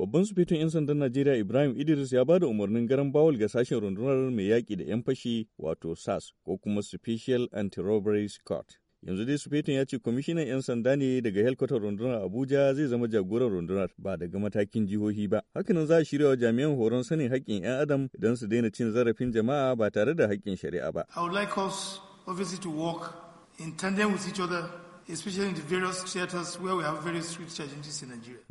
Babban sufetun 'yan sandan Najeriya Ibrahim Idris ya ba da umarnin garan bawal ga sashen rundunar mai yaƙi da 'yan fashi wato SAS ko kuma Special Anti-Robbery court Yanzu dai sufetun ya ce kwamishinan 'yan sanda ne daga helkwatar rundunar Abuja zai zama jagoran rundunar ba daga matakin jihohi ba. Hakanan za a shirya wa jami'an horon sanin haƙƙin 'yan adam idan su daina cin zarafin jama'a ba tare da haƙƙin shari'a ba. I would like us obviously to work in tandem with each other especially in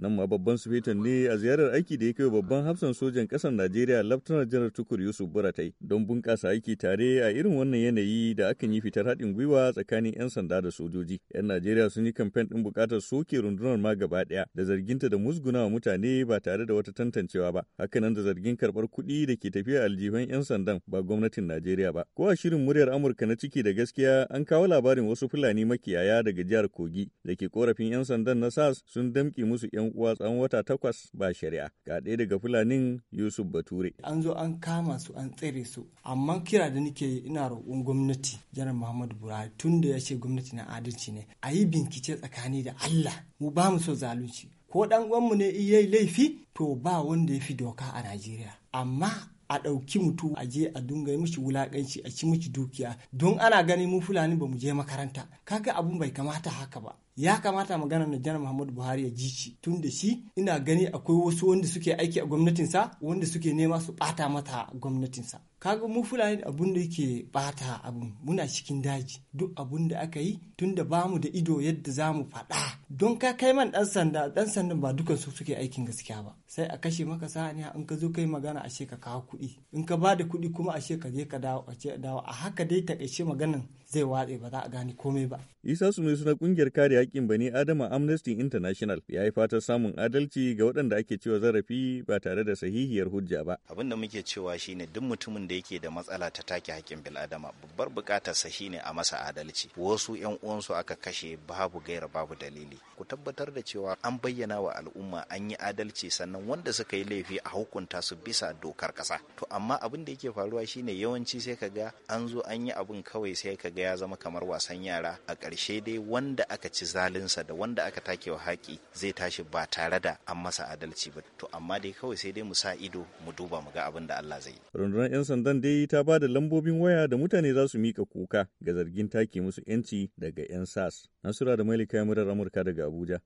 Nan ma babban sufetan ne a ziyarar aiki da ya kai babban hafsan sojan ƙasar Najeriya Laftanar Janar Tukur Yusuf Buratai don bunƙasa aiki tare a irin wannan yanayi da akan yi fitar haɗin gwiwa tsakanin 'yan sanda da sojoji. 'Yan Najeriya sun yi kamfen ɗin buƙatar soke rundunar ma gaba ɗaya da zarginta da musguna wa mutane ba tare da wata tantancewa ba. Hakanan da zargin karɓar kuɗi da ke tafiya aljihun 'yan sandan ba gwamnatin Najeriya ba. Ko a shirin muryar Amurka na ciki da gaskiya an kawo labarin wasu Fulani makiyaya daga jihar Kogi da ke korafin 'yan sandan na SAS sun damƙi musu 'yan uwa tsawon wata takwas ba shari'a. Ga ɗaya daga Fulanin Yusuf Bature. An zo an kama su an tsare su amma kira da nake ina roƙon gwamnati janar Muhammadu Buhari tun da ya ce gwamnati na adalci ne a yi bincike tsakani da Allah mu ba mu so zalunci ko dan uwanmu ne iya laifi to ba wanda ya fi doka a Najeriya amma a ɗauki mutu a je a dunga mishi wulaƙanci a ci mishi dukiya don ana ganin mu fulani ba mu je makaranta kaga abun bai kamata haka ba ya kamata magana na janar muhammadu buhari ya ji shi tun da shi ina gani akwai wasu wanda suke aiki a gwamnatinsa wanda suke nema su bata mata gwamnatinsa kaga mu fulani abun da yake bata abun muna cikin daji duk abun da aka yi tun da bamu da ido yadda za mu faɗa don ka kai man ɗan sanda ɗan sandan ba dukan su suke aikin gaskiya ba sai a kashe maka saniya in ka zo kai magana ashe ka kawo kuɗi in ka ba da kuɗi kuma ashe ka je ka dawo a dawo a haka dai takaice maganan zai watse ba za a gane komai ba. Isa su ne suna kungiyar kare haƙƙin bani Adama Amnesty International ya yi fatan samun adalci ga waɗanda ake cewa zarafi ba tare da sahihiyar hujja ba. Abin da muke cewa shine duk mutumin da yake da matsala ta take haƙƙin bil'adama babbar buƙatar sa ne a masa adalci. Wasu 'yan uwansu aka kashe babu gaira babu dalili. Ku tabbatar da cewa an bayyana wa al'umma an yi adalci sannan wanda suka yi laifi a hukunta su bisa dokar ƙasa. To amma abin da yake faruwa shine yawanci sai ka ga an zo an yi abin kawai sai ka ga ya zama kamar wasan yara a ƙarshe dai wanda aka ci zalinsa da wanda aka take wa haƙi zai tashi ba tare da an masa adalci ba to amma dai kawai sai dai mu sa ido mu duba mu ga abin da Allah zai yi rundunar yan sandan dai ta ba da lambobin waya da mutane za su mika kuka ga zargin take musu yanci daga yan sas nasura da malika murar amurka daga abuja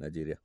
najeriya